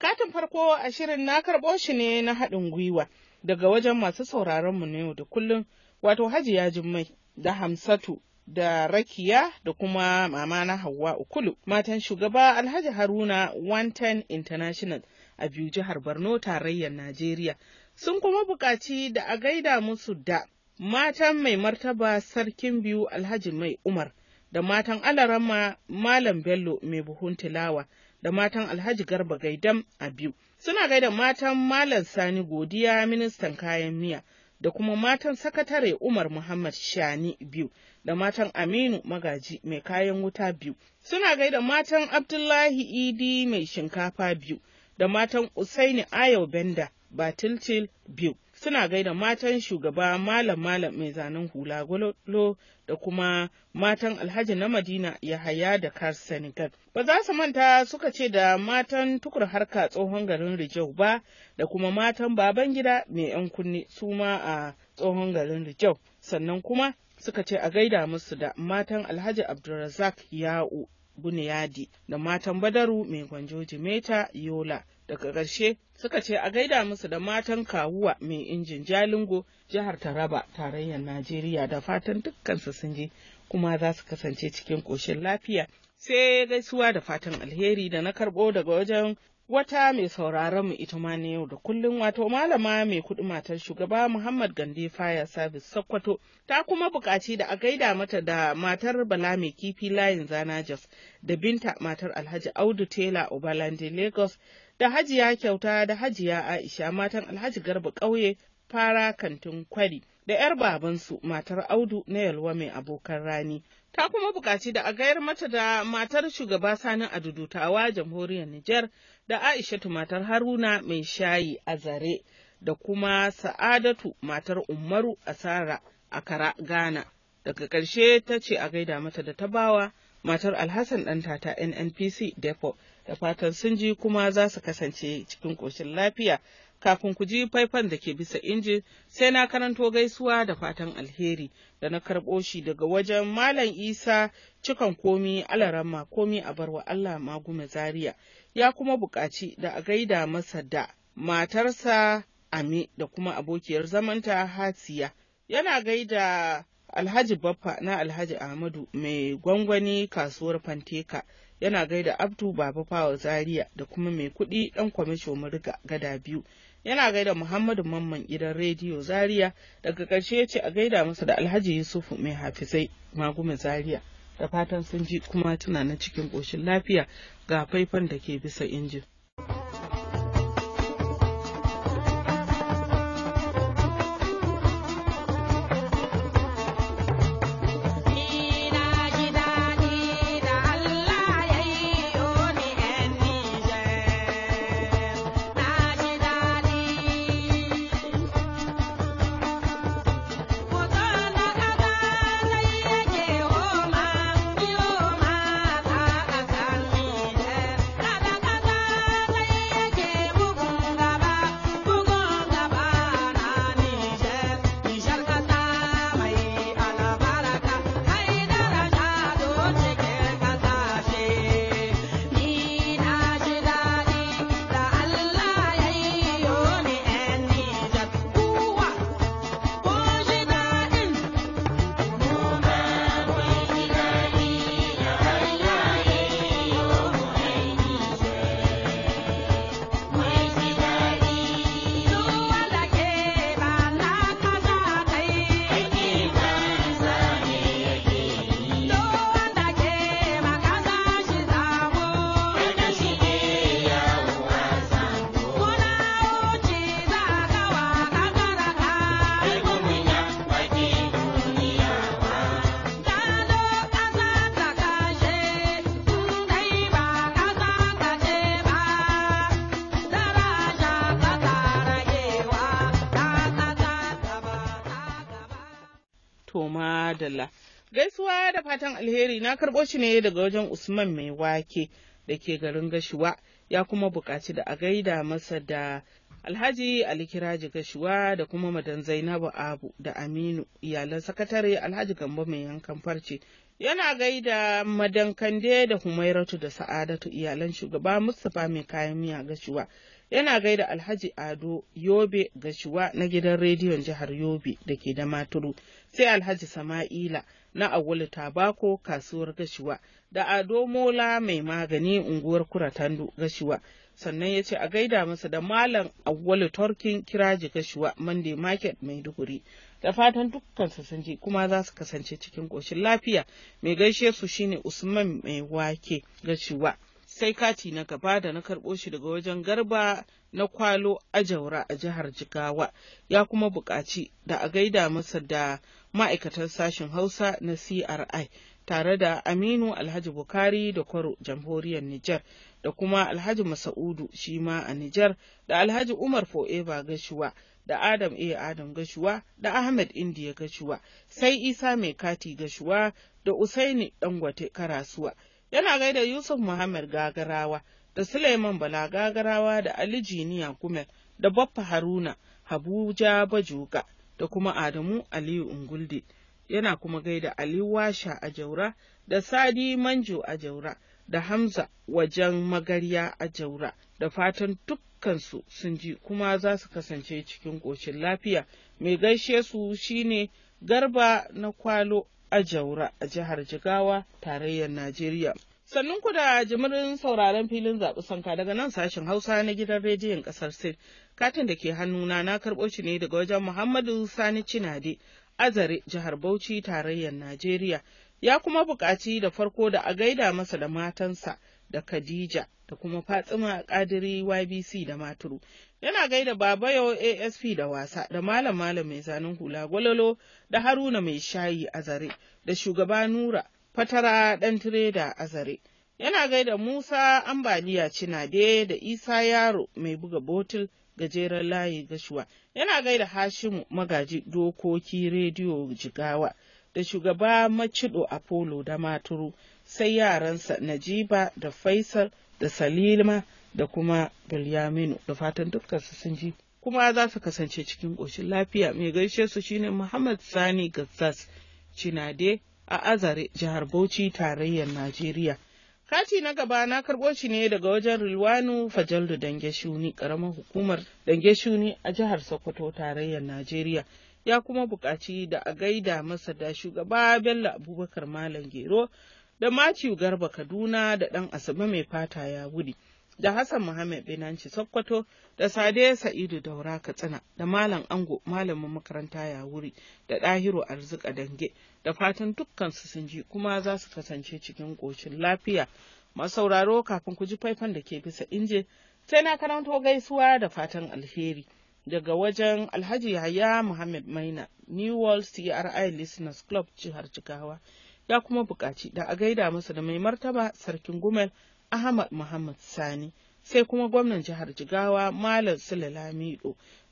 Katin farko a shirin na karɓo shi ne na haɗin gwiwa daga wajen masu sauraronmu na yau da kullum wato Hajiya Jummai da Hamsatu da Rakiya da kuma mama na Hauwa Ukulu matan shugaba Alhaji Haruna 110 International a biyu jihar Borno tarayyar Najeriya sun kuma buƙaci da a gaida musu da matan mai martaba sarkin biyu Alhaji Mai Umar da matan alarama Malam Bello mai buhun tilawa da matan Alhaji Garba Gaidam a biyu. Suna gaida matan Malam Sani Godiya ministan kayan miya da kuma matan sakatare Umar Muhammad Shani biyu da matan Aminu Magaji mai kayan wuta biyu. Suna gaida matan Abdullahi Idi mai shinkafa biyu da matan Usaini Ayo Benda Batiltil biyu. suna gaida matan shugaba malam malam mai zanen hula gwalolo da kuma matan alhaji na madina haya da kar senegal ba za su manta suka ce da matan tukur harka tsohon garin rijau ba da kuma matan baban gida mai yan kunne su ma a tsohon garin rijau sannan kuma suka ce a gaida musu da matan alhaji abdulrazak ya'u buniyadi da matan badaru mai gwanjo jimeta yola daga ƙarshe suka ce a gaida musu da matan kawuwa mai injin jalingo jihar taraba tarayyar najeriya da fatan dukkansu sun je kuma za su kasance cikin ƙoshin lafiya sai gaisuwa da fatan alheri da na karɓo daga wajen wata mai sauraron mu ita ma na yau da kullun wato malama mai kuɗi matar shugaba Muhammad Gande Fire Service Sokoto ta kuma buƙaci da a gaida mata da matar Bala mai kifi layin zana Jos da binta matar Alhaji Audu Tela Obalande Lagos da hajiya kyauta da hajiya aisha matan alhaji garba ƙauye fara kantin kwari da 'yar babansu matar audu na yalwa mai abokan rani ta kuma buƙaci da a gayar mata da matar shugaba sani dudutawa jamhuriyar nijar da aishatu matar haruna mai shayi a zare da kuma sa'adatu matar umaru asara a kara ghana daga ƙarshe ta ce a gaida mata da tabawa matar alhassan ɗanta ta nnpc depot da fatan sun ji kuma za su kasance cikin ƙoshin lafiya kafin ku ji faifan da ke bisa injin sai na karanto gaisuwa da fatan alheri da na karɓo shi daga wajen malam isa cikan komi alarama komi a barwa allah magume zaria ya kuma buƙaci da a gaida masa da matarsa ami da kuma abokiyar zamanta hatsiya yana gaida alhaji baffa na alhaji ahmadu mai gwangwani kasuwar fanteka yana gaida abdu baba fawa zaria da kuma mai kudi Dan kwamisho murga gada biyu yana gaida muhammadu mamman gidan rediyo zaria daga karshe ya ce a gaida masa da alhaji yusufu mai hafizai magume zaria da fatan sun ji kuma tuna na cikin ƙoshin lafiya ga faifan da ke bisa injin. madalla. Gaisuwa da fatan alheri na karɓo shi ne daga wajen Usman mai wake da ke garin Gashuwa ya kuma buƙaci da a gaida masa da Alhaji Ali Kiraji Gashuwa da kuma Madan Zainabu Abu da Aminu iyalan sakatare Alhaji Gambo mai yankan farce yana gaida Madan Kande da Humairatu da Sa'adatu iyalan shugaba Mustapha mai kayan miya Gashuwa. yana gaida alhaji ado yobe gashuwa na gidan rediyon jihar yobe da ke da maturu sai Alhaji Sama'ila na Agwali Tabako kasuwar Gashiwa da Ado Mola mai magani unguwar Kuratando Gashiwa. Sannan ya ce a gaida masa da Malam Agwali Torkin Kiraji Gashiwa Monday Market Maiduguri. Da fatan su sun ji kuma za su kasance cikin ƙoshin lafiya. Mai gaishe su shine Usman mai wake Gashiwa. sai kati na gaba da na karɓo shi daga wajen garba na kwalo ajaura a jihar jigawa ya kuma buƙaci da a gaida masa da ma'aikatan sashen Hausa na CRI tare da Aminu Alhaji Bukari da Kwaro jamhuriyar Nijar da kuma Alhaji Masa'udu shi ma a Nijar da Alhaji Umar Fo'eba Gashuwa da Adam A. Adam Gashuwa da Ahmed india Gashuwa sai Isa Mai Kati Gashuwa da Usaini Dangote Karasuwa. Yana gaida Yusuf Muhammad Gagarawa da Suleiman Bala Gagarawa da Ali Jiniya Kumel da Baffa Haruna Habuja Bajuga. da kuma Adamu Aliyu Ungulde. Yana kuma gaida Ali Washa a Jaura da Sadi Manjo a Jaura da Hamza wajen magarya a Jaura da fatan dukkansu sun ji kuma za su kasance cikin ƙoshin lafiya. Mai gaishe su shine Garba na Kwalo a Jaura a jihar Jigawa, tarayyar Najeriya. Sannun ku da jimirin sauraron filin zaɓi sanka daga nan sashen Hausa na gidan rediyon ƙasar Sin. Katin da ke hannuna na karɓo shi ne daga wajen Muhammadu Sani Cinade, Azare, Jihar Bauchi, Tarayyar Najeriya. Ya kuma buƙaci da farko da a gaida masa da matansa da Khadija da kuma Fatsima Kadiri YBC da Maturu. Yana gaida Babayo ASP da wasa da Malam Malam mai zanen hula gwalolo da Haruna mai shayi a zare da shugaba Nura. fatara ɗan tireda a zare. Yana gaida Musa ambaliya cinade da Isa yaro mai buga botul gajeren layi gashuwa. Yana gaida Hashimu magaji dokoki rediyo jigawa da shugaba macido Apollo da maturu sai yaransa Najiba da Faisal da Salima da kuma Bilyaminu da fatan dukkansu sun ji. kuma za su kasance cikin ƙoshin lafiya mai gaishe su shine Muhammad Sani Gazzas Cinade a Azare, jihar Bauchi, tarayyar Najeriya. Kati na gaba na karɓo shi ne daga wajen Rilwanu Fajaldu Dange Shuni, ƙaramar hukumar Dange Shuni a jihar Sokoto, tarayyar Najeriya. Ya kuma buƙaci da a gaida masa da shugaba Bello Abubakar Malam Gero da Matthew Garba Kaduna da ɗan Asabe mai fata ya wuri. da Hassan Muhammad Binanci Sokoto da Sade Sa'idu Daura Katsina da Malam Ango malamin makaranta ya wuri da Ɗahiru Arzika Dange da fatan dukkan su sun ji kuma za su kasance cikin ƙoshin lafiya. Masauraro kafin ku ji faifan da ke bisa inje sai na karanto gaisuwa da fatan alheri. Daga wajen Alhaji Yahya Muhammad Maina, New World CRI Listeners Club jihar Jigawa, ya kuma buƙaci da a gaida masa da mai martaba Sarkin Gumel Ahmad Muhammad Sani, sai kuma gwamnan jihar Jigawa Malam Sule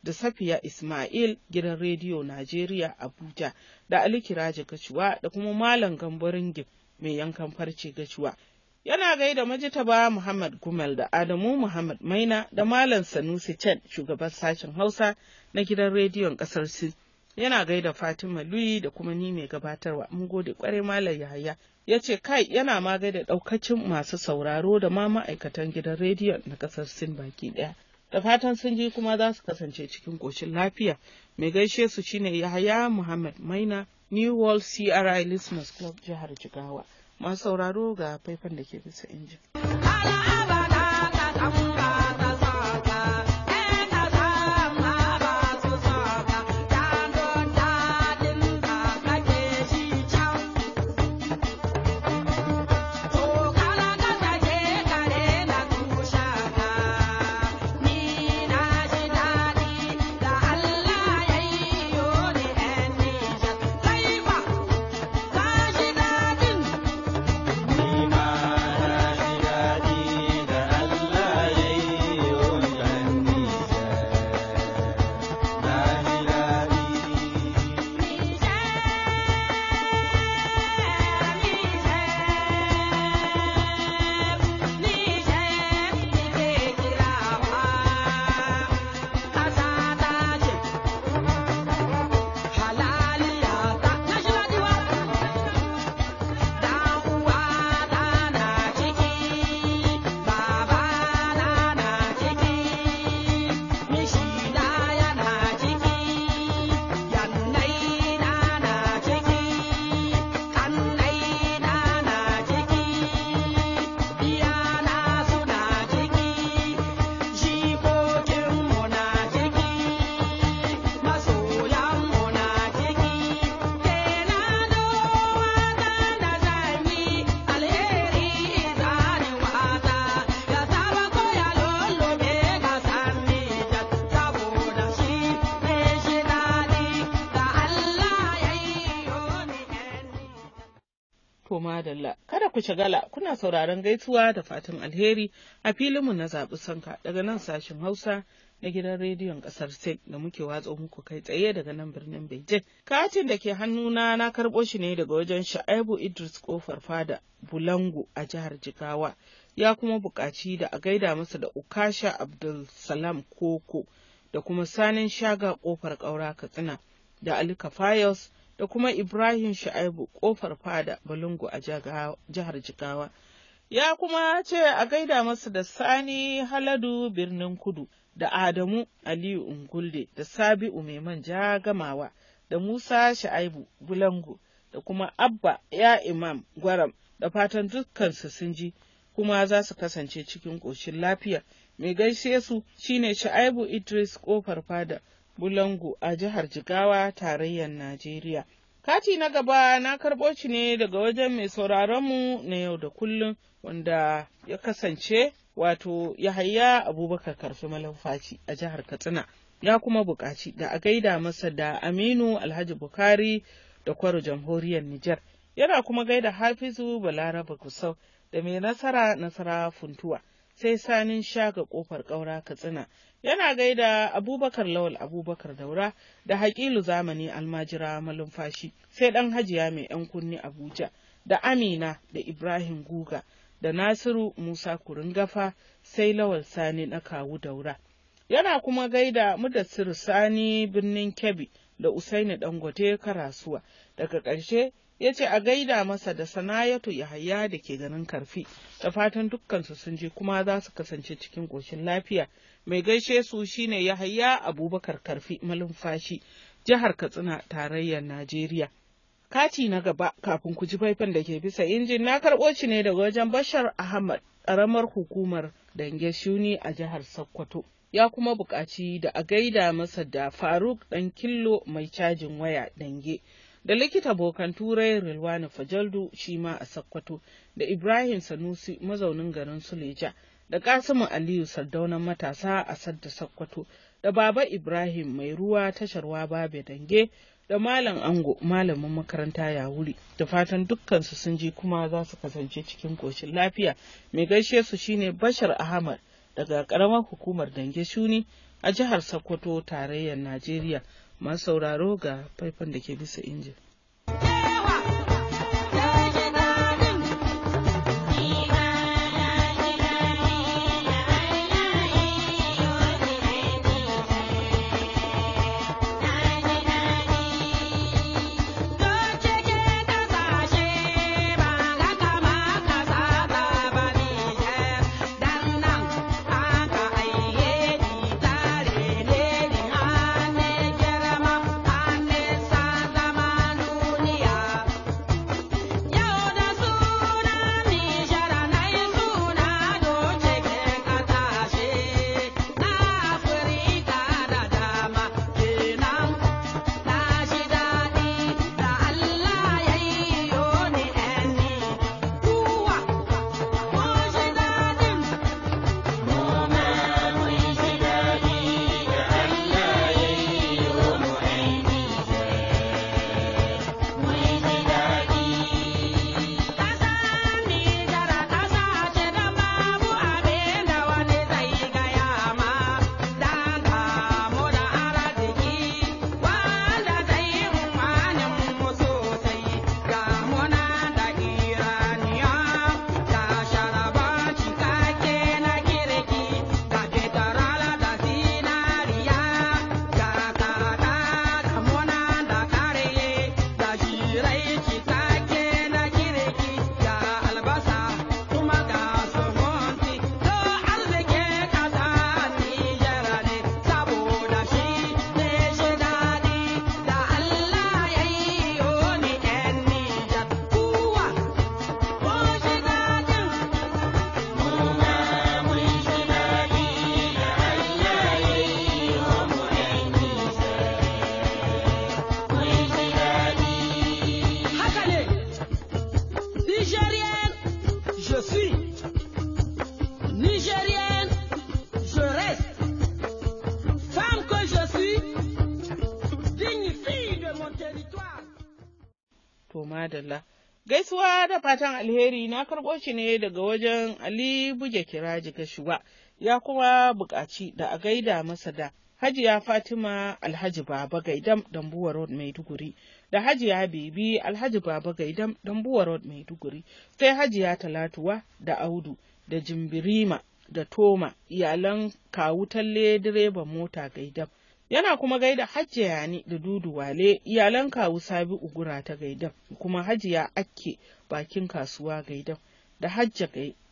da Safiya Ismail gidan rediyo Najeriya Abuja da Ali Kiraji Gacuwa da kuma Malam Gambarin Gif mai yankan farce Gacuwa. Yana gaida majitaba Muhammad Gumel da Adamu Muhammad Maina da Malam Sanusi Chen shugaban sashen Hausa na gidan rediyon kasar Sin. Yana gaida Fatima Lui da kuma ni mai gabatarwa. Mun gode kware Malam Yahaya. ya ce kai yana ma da daukacin masu sauraro da ma ma'aikatan gidan rediyon na kasar sin baki daya da fatan sun ji kuma za su kasance cikin koshin lafiya mai gaishe su shine yahaya muhammad maina new world cri listeners club jihar jigawa masu sauraro ga faifan da ke bisa injin. ku shagala kuna sauraron gaisuwa da fatan alheri a filinmu na zaɓi sanka daga nan sashen Hausa na gidan rediyon ƙasar Sin da muke watsa muku kai tsaye daga nan birnin Beijing. Katin da ke hannuna na karɓo shi ne daga wajen sha'abu Idris Kofar Fada bulango a jihar Jigawa. Ya kuma buƙaci da a gaida masa da Ukasha Abdul Salam Koko da kuma Sanin Shaga Kofar Ƙaura Katsina da Ali fayos da kuma Ibrahim Sha'ibu kofar fada Balungu a jihar Jigawa. Ya kuma ce a gaida masa da Sani Haladu birnin Kudu da Adamu Aliyu Ungulde da Sabi'u mai jagamawa da Musa Sha'ibu Bulangu da kuma Abba ya Imam Gwaram da fatan dukkansu sun ji kuma za su kasance cikin ƙoshin lafiya. Mai gaishe su shine Sha'ibu Idris kofar fada. Bulangu a jihar Jigawa tarayyar Najeriya. Kati na gaba na karɓo shi ne daga wajen mai sauraronmu na yau da kullum wanda ya kasance wato Yahaya Abubakar Karfi malafaci a jihar Katsina. Ya kuma buƙaci da a gaida masa da Aminu Alhaji Bukari da Kwaro Jamhuriyar Nijar. Yana kuma gaida Hafizu Balaraba Gusau da mai nasara nasara funtuwa. sai sanin shaga kofar ƙaura katsina yana gaida abubakar lawal abubakar daura da haƙilu zamani almajira malumfashi sai ɗan hajiya mai 'yan kunni abuja da amina da ibrahim guga da nasiru musa kuringafa sai lawal sani na kawu daura yana kuma gaida mudassir sani birnin kebbi da usaini dangote karasuwa daga ƙarshe ya ce a gaida masa da sana'atu yahaya da ke ganin karfi da fatan dukkansu sun je kuma za su kasance cikin ƙoshin lafiya mai gaishe su shine yahaya abubakar karfi malumfashi jihar katsina tarayyar najeriya kati na gaba kafin ku ji faifan da ke bisa injin na karɓo shi ne daga wajen bashar ahmad ƙaramar hukumar dange shuni a jihar sokoto ya kuma buƙaci da a gaida masa da faruk ɗan killo mai cajin waya dange da likita bokan turai Rilwani Fajaldu shi ma a Sakkwato da Ibrahim Sanusi mazaunin garin Suleja da Kasimu Aliyu sardaunan matasa a Sadda Sakkwato da Baba Ibrahim mai ruwa tasharwa Babe Dange da Malam Ango malamin makaranta ya wuri da fatan dukkansu sun ji kuma za su kasance cikin koshin lafiya mai gaishe su shine Bashar Ahmad daga karamar hukumar Dange Shuni a jihar Sokoto tarayyar Najeriya. masu sauraro ga faifan da ke bisa injin. fatan alheri na karɓo shi ne daga wajen Ali Buge Kiraji Gashuwa, ya kuma buƙaci da a gaida masa da Hajiya Fatima Alhaji Baba Gaidam Dambuwa Road Maiduguri da Hajiya Bibi, Alhaji Baba Gaidam Dambuwa Road Maiduguri sai Hajiya Talatuwa da Audu da Jimbirima da Toma iyalan kawu talle direban mota Gaidam. Yana kuma gaida Hajiya ni da Dudu Wale iyalan kawu Sabi'u Gura ta Gaidan kuma Hajiya Akke bakin kasuwa Gaidan da Hajja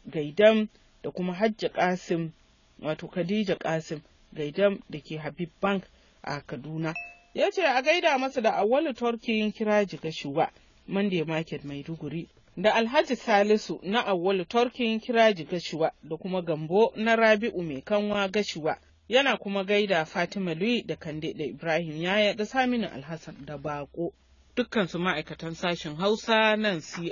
Gaidan da kuma Hajja Kasim wato Khadija Kasim Gaidan da ke Habib Bank a Kaduna. Ya ce a gaida masa da awwalu turkiyin kiraji gashuwa Monday Market Maiduguri da Alhaji Salisu na awwalu turkiyin kiraji Gashua da kuma Gambo na Rabi'u mai kanwa gashuwa yana kuma gaida Fatima Lui da Kande da Ibrahim Yaya da Saminu Alhassan da Bako. Dukkansu ma'aikatan sashen Hausa nan CRI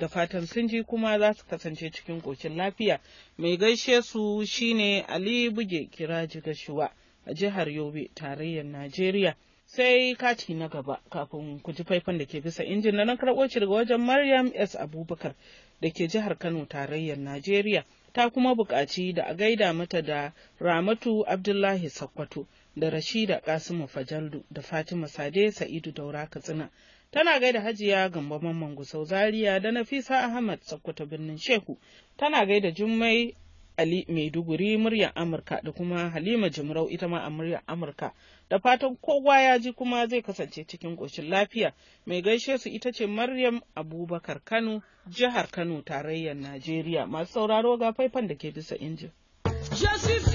da fatan sun ji kuma za su kasance cikin ƙoshin lafiya. Mai gaishe su shine Ali Buge Kiraji Gashuwa a jihar Yobe, tarayyar Najeriya. Sai kati na gaba kafin ku ji faifan da ke bisa injin na nan karɓo daga wajen Maryam S. Abubakar da ke jihar Kano, tarayyar Najeriya. ta kuma buƙaci da a gaida mata da Ramatu Abdullahi Sakkwato da Rashida Kasimu Fajaldu da Fatima Sade Sa'idu Daura Katsina. Tana gaida Hajiya Gambo Mamman Gusau Zaria da Nafisa Ahmad Sakkwato Birnin Shehu. Tana gaida Jummai Ali Maiduguri muryar Amurka da kuma Halima Jimrau ita ma a muryar Amurka. da fatan kowa ya ji kuma zai kasance cikin ƙoshin lafiya mai gaishe su ita ce maryam abubakar kano jihar kano tarayyar najeriya masu sauraro ga faifan da ke bisa injin Je suis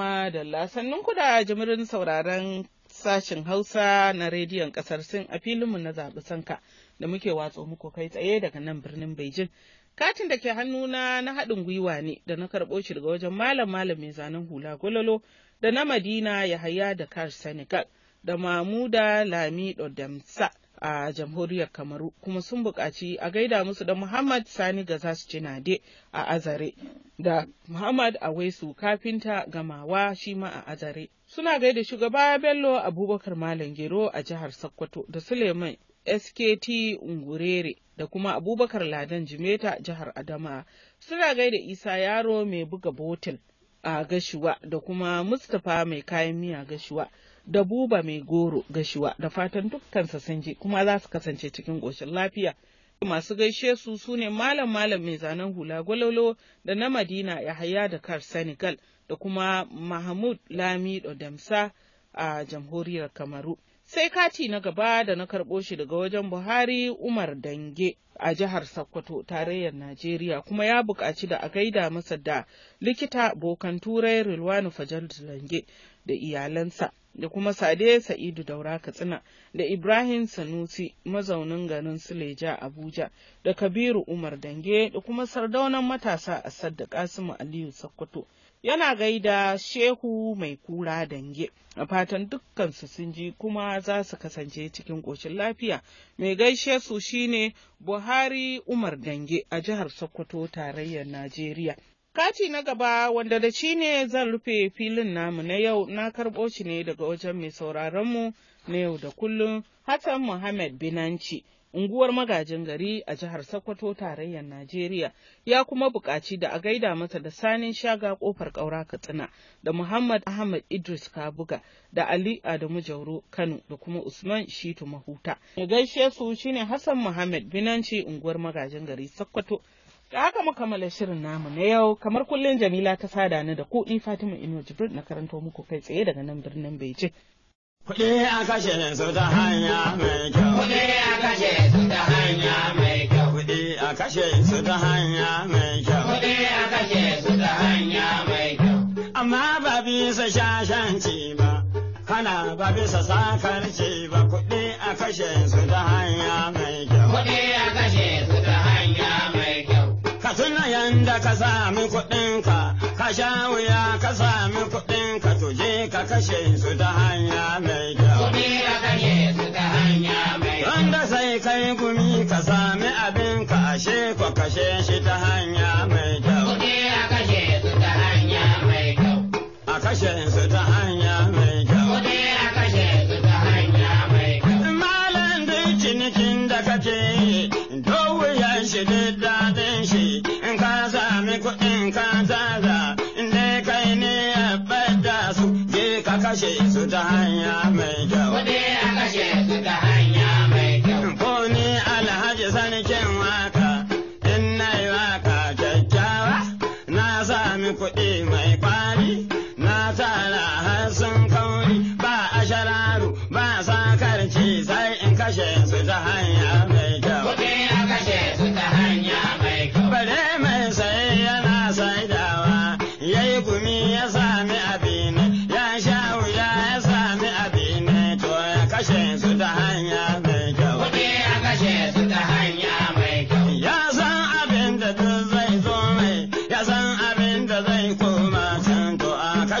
Kuma da lasannin kuda jimirin sauraren sashen Hausa na rediyon kasar Sin a filinmu na zaɓi sanka da muke watsa muku kai tsaye daga nan birnin Bejin, Katin da ke hannuna na haɗin gwiwa ne da na karɓo shi daga wajen malam malam mai zanen hula gololo da na Madina haya da kar Senegal da Mamuda Lami Damsa. a jamhuriyar kamaru kuma sun buƙaci a gaida musu da muhammad sani Ga gazasu Nade a azare da muhammad awaisu kafinta gamawa shi ma a azare suna gaida shugaba bello abubakar malam gero a jihar sokoto da suleiman skt ungurere da kuma abubakar ladan jimeta jihar adama suna gaida isa yaro mai buga botin a gashuwa da kuma mustapha mai kayan miya gashuwa da buba mai goro gashiwa da fatan dukkansa sun ji kuma za su kasance cikin ƙoshin lafiya. Masu gaishe su sune malam malam mai zanen hula gwalolo da na Madina Yahaya da kar Senegal da kuma Mahmud Lami Damsa a jamhuriyar Kamaru. sai kati na gaba da na karɓo shi daga wajen Buhari Umar Dange a jihar Sokoto tarayyar Najeriya kuma ya buƙaci da a gaida masa da likita bokan turai Rilwanu Fajar Dange da iyalansa da kuma Sade Sa'idu Daura Katsina da Ibrahim Sanusi mazaunin garin Suleja Abuja da Kabiru Umar Dange da kuma sardaunan matasa a Sadda Kasimu Aliyu Sokoto. yana gaida shehu mai kura dange a fatan dukkansu sun ji kuma za su kasance cikin ƙoshin lafiya mai gaishe su shine buhari umar dange a jihar sokoto tarayyar najeriya Kati na gaba wanda da shi ne zan rufe filin namu na yau na karɓo shi ne daga wajen mai sauraronmu na yau da kullum Hassan Muhammad Binanci. unguwar magajin gari a jihar Sokoto tarayyar Najeriya ya kuma buƙaci da a gaida masa da sanin shaga kofar ƙaura Katsina da Muhammad Ahmad Idris Kabuga da Ali Adamu Jauro Kano da kuma Usman Shitu Mahuta. Ya gaishe su shine Hassan Muhammad Binanci unguwar magajin gari Sokoto. Da haka muka shirin namu na yau kamar kullum Jamila ta sada ni da ku ni Fatima Ino Jibril na karanto muku kai tsaye daga nan birnin Beijing. Kuɗi a kashe su ta hanya mai kyau. Kuɗi a kashe su ta hanya mai kyau. Kuɗi a kashe su ta hanya mai kyau. Kuɗi a kashe su ta hanya mai kyau. Amma ba bisa shashanci ba, kana ba bisa sakarci ba. Kuɗi a kashe su ta hanya mai kyau. Kuɗi a kashe su ta hanya mai kyau. Ka tuna yanda ka sami kuɗinka, ka sha wuya ka sami kuɗinka. je ka kashe su ta hanya mai kyau. Kuɗi ka kashe su ta hanya mai kyau. Wanda sai kai gumi ka sami abin ka ashe ka kashe shi ta hanya su ta hanya mai kyau.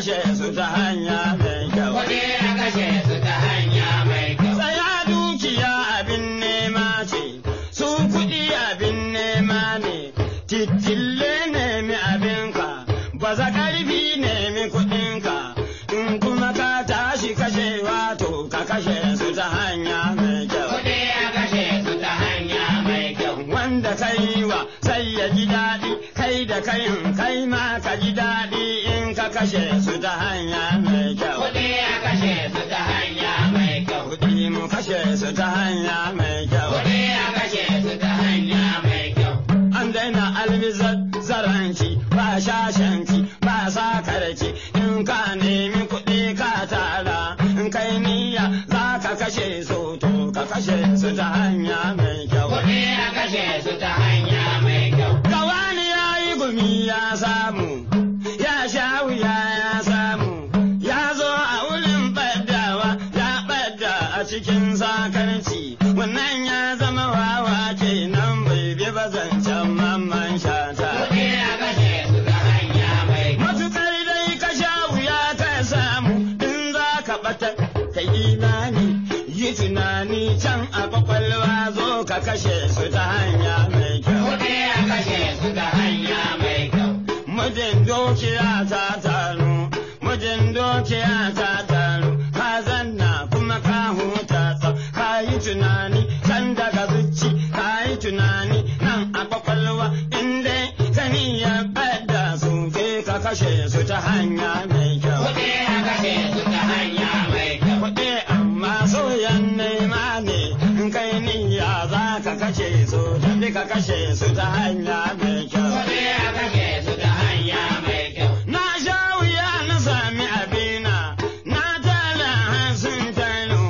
kashe su ta hanya mai kyau. Kuɗi a kashe su ta hanya mai kyau. Tsaya dukiya abin nema ce, su kuɗi abin nema ne, titille nemi abinka, baza ƙarfi nemi kuɗinka, in kuma ka tashi kashe wato ka kashe su ta hanya mai kyau. Kuɗi a kashe su ta hanya mai kyau. Wanda kai wa sai ya ji daɗi, kai da kai kai ma ka ji daɗi. kashe su ta hanya mai kyau. Kuɗi ya kashe su ta hanya mai kyau. Kuɗi mu kashe su ta hanya mai kyau. Kuɗi ya kashe su ta hanya mai kyau. An daina almizazzaranci ba shashanci ba sakarci in ka nemi kuɗi ka tara in kai niyya za ka kashe su to ka kashe su ta hanya mai kyau. Kuɗi ya kashe su ta hanya mai kyau. Kawani ya yi gumi ya samu. kashe su ta hanya mai kyau. Kuɗi a kashe su ta hanya mai kyau. Mijin dukiya ta taru, mijin dukiya ta taru, ka zanna kuma ka huta tsau, ka yi tunani can daga zuci, ka yi tunani nan a kwakwalwa, inda sani ya bada su ke ka kashe su ta hanya mai kyau. su tafi ka kashe su ta hanya mai kyau. Tafi ka kashe su ta hanya mai kyau. Na sha wuya na sami abina, na tala hansun tano,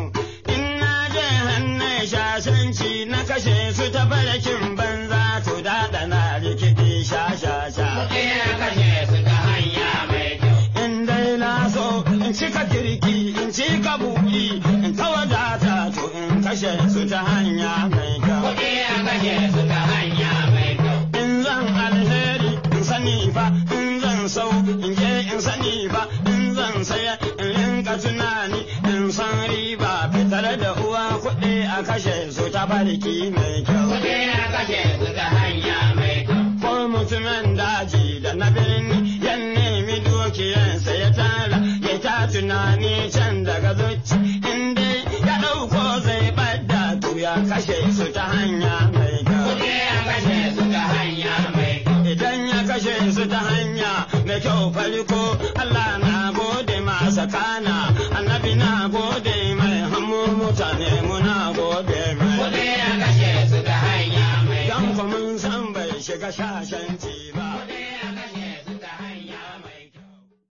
in na je hannun shashanci na kashe su ta barakin banza to daɗa na rikidi shashasha. Tafi ka kashe su ta hanya mai kyau. In dai na so in cika kirki in cika buɗi. kashe su ta hanya mai kyau. Kuɗi a kashe su ta hanya mai kyau. In zan alheri in sani fa, in zan sau in je in sani fa, in zan saya in rinka tunani in san riba fitar da uwa kuɗi a kashe su ta barki mai kyau. Kuɗi a kashe su ta hanya mai kyau. Ko mutumin daji da na birni yan nemi dukiyarsa ya tara ya ta tunani can daga zuci. yanzu ta hanya mai kyau farko Allah na gode masa kana annabi na gode mai hannu mutane muna gode mai. gode ya kashe su ta hanya mai kyau. kuma mun san bai shiga shashanci.